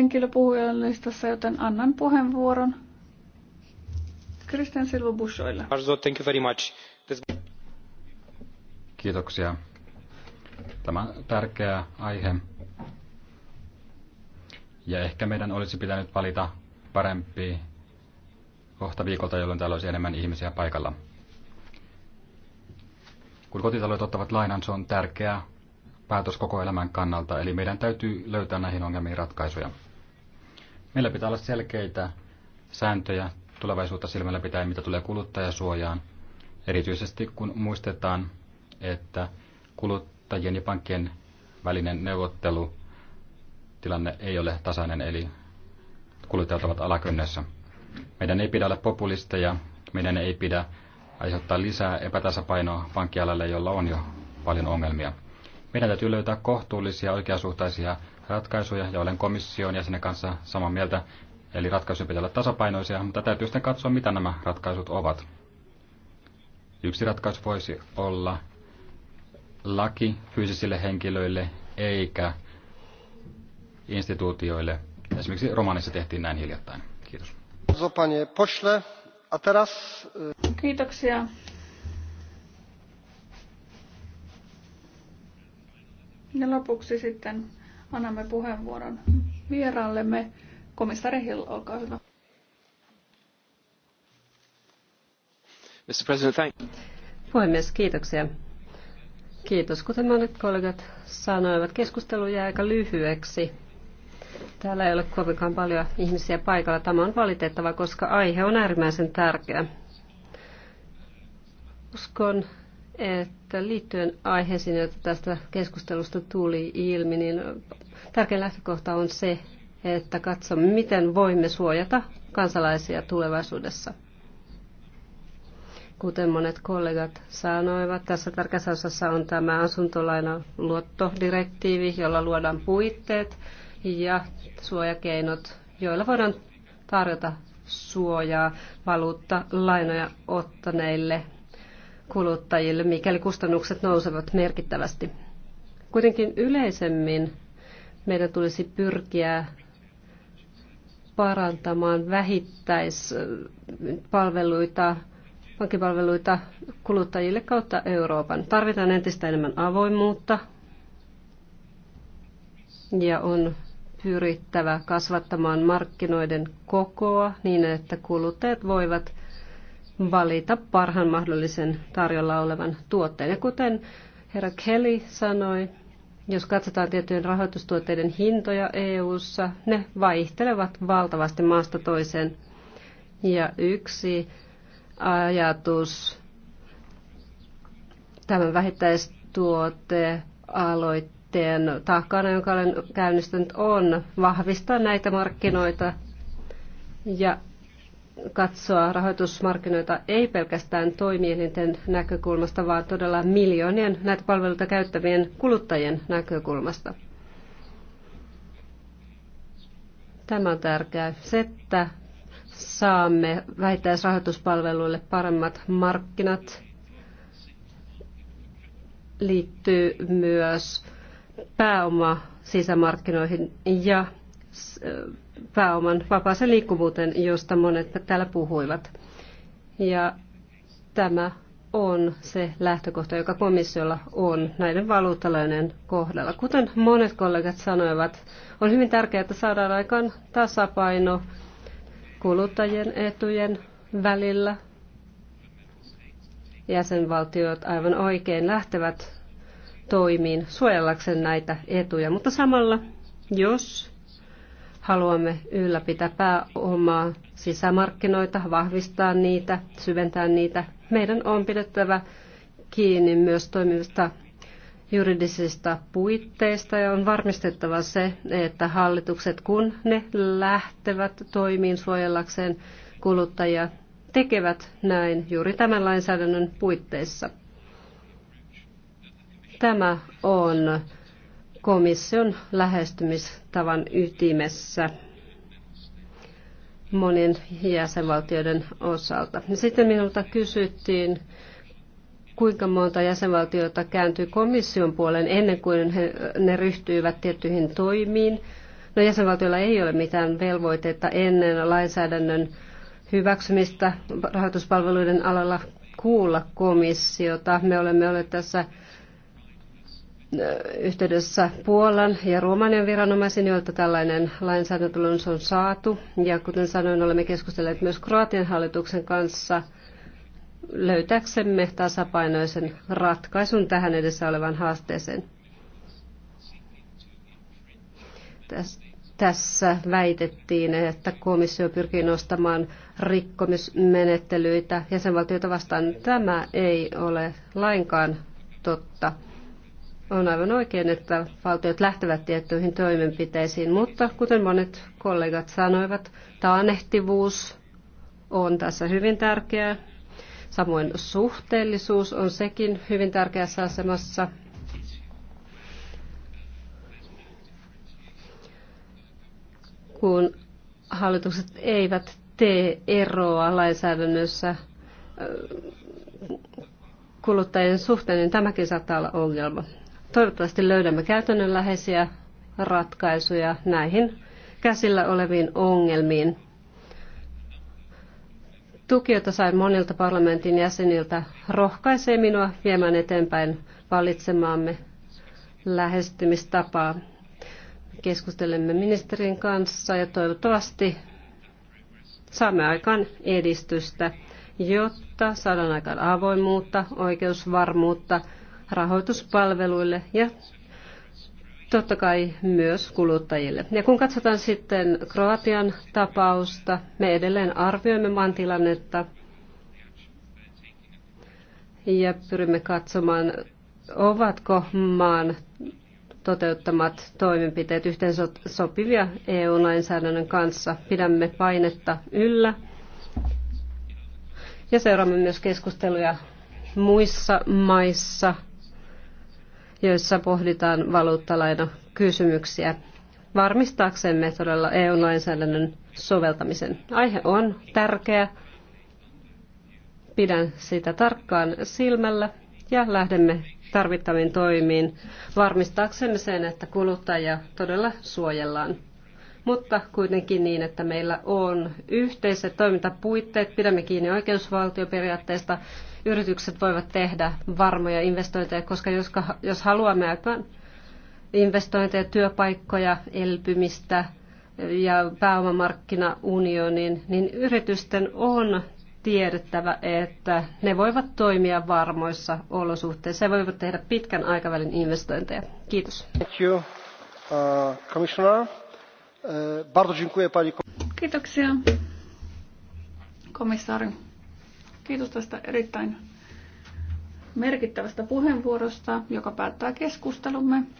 henkilö puhujalistassa, joten annan puheenvuoron Christian Silva Bushoille. Thank you very much. Kiitoksia. Tämä tärkeä aihe. Ja ehkä meidän olisi pitänyt valita parempi kohta viikolta, jolloin täällä olisi enemmän ihmisiä paikalla. Kun kotitaloudet ottavat lainan, se on tärkeä päätös koko elämän kannalta, eli meidän täytyy löytää näihin ongelmiin ratkaisuja. Meillä pitää olla selkeitä sääntöjä tulevaisuutta silmällä pitää, mitä tulee kuluttajasuojaan, erityisesti kun muistetaan, että kuluttajien ja pankkien välinen neuvottelutilanne ei ole tasainen, eli kuluttajat ovat alakynnessä. Meidän ei pidä olla populisteja, meidän ei pidä aiheuttaa lisää epätasapainoa pankkialalle, jolla on jo paljon ongelmia. Meidän täytyy löytää kohtuullisia, oikeasuhtaisia ratkaisuja ja olen komission jäsenen kanssa samaa mieltä. Eli ratkaisujen pitää olla tasapainoisia, mutta täytyy sitten katsoa, mitä nämä ratkaisut ovat. Yksi ratkaisu voisi olla laki fyysisille henkilöille eikä instituutioille. Esimerkiksi Romanissa tehtiin näin hiljattain. Kiitos. Kiitoksia. Ja lopuksi sitten annamme puheenvuoron vieraallemme. komissaari Hill, olkaa hyvä. Mr. President, thank Puhemies, kiitoksia. Kiitos. Kuten monet kollegat sanoivat, keskustelu jää aika lyhyeksi. Täällä ei ole kovinkaan paljon ihmisiä paikalla. Tämä on valitettava, koska aihe on äärimmäisen tärkeä. Uskon, että liittyen aiheisiin, joita tästä keskustelusta tuli ilmi, niin tärkein lähtökohta on se, että katsomme, miten voimme suojata kansalaisia tulevaisuudessa. Kuten monet kollegat sanoivat, tässä tärkeässä osassa on tämä asuntolaina luottodirektiivi, jolla luodaan puitteet ja suojakeinot, joilla voidaan tarjota suojaa valuutta lainoja ottaneille kuluttajille, mikäli kustannukset nousevat merkittävästi. Kuitenkin yleisemmin meidän tulisi pyrkiä parantamaan vähittäispalveluita, pankkipalveluita kuluttajille kautta Euroopan. Tarvitaan entistä enemmän avoimuutta ja on pyrittävä kasvattamaan markkinoiden kokoa niin, että kuluttajat voivat valita parhaan mahdollisen tarjolla olevan tuotteen. Ja kuten herra Kelly sanoi, jos katsotaan tiettyjen rahoitustuotteiden hintoja EU:ssa, ne vaihtelevat valtavasti maasta toiseen. Ja yksi ajatus tämän vähittäistuotteen aloitteen takana, jonka olen käynnistänyt, on vahvistaa näitä markkinoita ja katsoa rahoitusmarkkinoita ei pelkästään toimielinten näkökulmasta, vaan todella miljoonien näitä palveluita käyttävien kuluttajien näkökulmasta. Tämä on tärkeää. Se, että saamme vähittäisrahoituspalveluille paremmat markkinat, liittyy myös pääoma sisämarkkinoihin ja pääoman vapaaseen liikkuvuuteen, josta monet täällä puhuivat. Ja tämä on se lähtökohta, joka komissiolla on näiden valuuttalainen kohdalla. Kuten monet kollegat sanoivat, on hyvin tärkeää, että saadaan aikaan tasapaino kuluttajien etujen välillä. Jäsenvaltiot aivan oikein lähtevät toimiin suojellakseen näitä etuja, mutta samalla jos Haluamme ylläpitää pääomaa sisämarkkinoita, vahvistaa niitä, syventää niitä. Meidän on pidettävä kiinni myös toimivista juridisista puitteista ja on varmistettava se, että hallitukset, kun ne lähtevät toimiin suojellakseen kuluttajia, tekevät näin juuri tämän lainsäädännön puitteissa. Tämä on komission lähestymistavan ytimessä monien jäsenvaltioiden osalta. Sitten minulta kysyttiin, kuinka monta jäsenvaltiota kääntyy komission puoleen ennen kuin he, ne ryhtyivät tiettyihin toimiin. No jäsenvaltioilla ei ole mitään velvoitetta ennen lainsäädännön hyväksymistä rahoituspalveluiden alalla kuulla komissiota. Me olemme olleet tässä yhteydessä Puolan ja Romanian viranomaisiin, joilta tällainen lainsäädäntöluonnos on saatu. Ja kuten sanoin, olemme keskustelleet myös Kroatian hallituksen kanssa löytäksemme tasapainoisen ratkaisun tähän edessä olevaan haasteeseen. Tässä väitettiin, että komissio pyrkii nostamaan rikkomismenettelyitä jäsenvaltioita vastaan. Tämä ei ole lainkaan totta. On aivan oikein, että valtiot lähtevät tiettyihin toimenpiteisiin, mutta kuten monet kollegat sanoivat, taanehtivuus on tässä hyvin tärkeää. Samoin suhteellisuus on sekin hyvin tärkeässä asemassa. Kun hallitukset eivät tee eroa lainsäädännössä kuluttajien suhteen, niin tämäkin saattaa olla ongelma. Toivottavasti löydämme käytännönläheisiä ratkaisuja näihin käsillä oleviin ongelmiin. Tuki, jota sain monilta parlamentin jäseniltä, rohkaisee minua viemään eteenpäin valitsemaamme lähestymistapaa. Keskustelemme ministerin kanssa ja toivottavasti saamme aikaan edistystä, jotta saadaan aikaan avoimuutta, oikeusvarmuutta – rahoituspalveluille ja totta kai myös kuluttajille. Ja kun katsotaan sitten Kroatian tapausta, me edelleen arvioimme maan tilannetta ja pyrimme katsomaan, ovatko maan toteuttamat toimenpiteet yhteen sopivia EU-lainsäädännön kanssa. Pidämme painetta yllä ja seuraamme myös keskusteluja muissa maissa – joissa pohditaan kysymyksiä, varmistaaksemme todella EU-lainsäädännön soveltamisen. Aihe on tärkeä. Pidän sitä tarkkaan silmällä ja lähdemme tarvittaviin toimiin varmistaaksemme sen, että kuluttajia todella suojellaan. Mutta kuitenkin niin, että meillä on yhteiset toimintapuitteet, pidämme kiinni oikeusvaltioperiaatteesta yritykset voivat tehdä varmoja investointeja, koska jos, jos haluamme investointeja, työpaikkoja, elpymistä ja pääomamarkkinaunionin, niin yritysten on tiedettävä, että ne voivat toimia varmoissa olosuhteissa ja voivat tehdä pitkän aikavälin investointeja. Kiitos. Thank you, uh, commissioner. Uh, bardzo dziękuję pani. Kiitoksia, komissaari. Kiitos tästä erittäin merkittävästä puheenvuorosta, joka päättää keskustelumme.